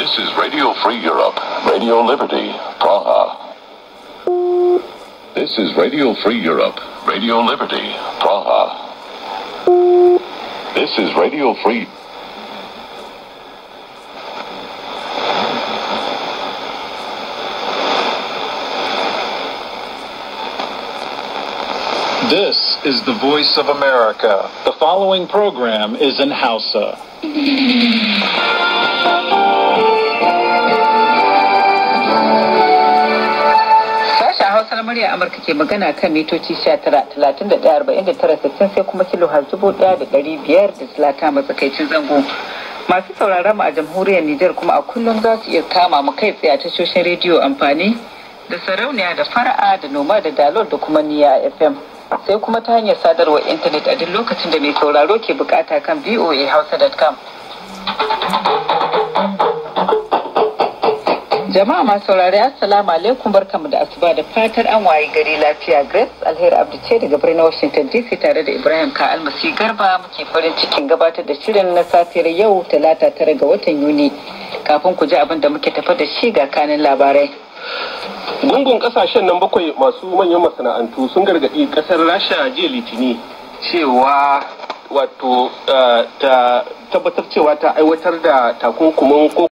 This is Radio Free Europe, Radio Liberty, Praha. This is Radio Free Europe, Radio Liberty, Praha. This is Radio Free. This is the voice of America. The following program is in Hausa. murya Amurka ke magana kan mitoci 19,39,49 sai kuma kilo har talata matsakaicin zango. Masu sauraron mu a jamhuriyar Nijar kuma a kullum za su iya kama mu kai tsaye a tashoshin rediyo amfani da sarauniya da fara'a da noma da dalol da kuma niya FM. Sai kuma ta hanyar sadarwar intanet a duk lokacin da mai sauraro ke bukata kan voa hausa.com Jama'a masu saurari Assalamu alaikum barkamu da asuba da fatar an waye gari lafiya Grace Alheri Abdu ce daga birnin Washington DC tare da Ibrahim Ka Almasi Garba muke farin cikin gabatar da shirin na safiyar yau talata tara ga watan Yuni kafin ku ji abin da muke tafa da shi ga kanin labarai. Gungun kasashen nan bakwai masu manyan masana'antu sun gargaɗi ƙasar Rasha jiya Litini cewa wato eh, ta tabbatar cewa ta aiwatar da takunkumin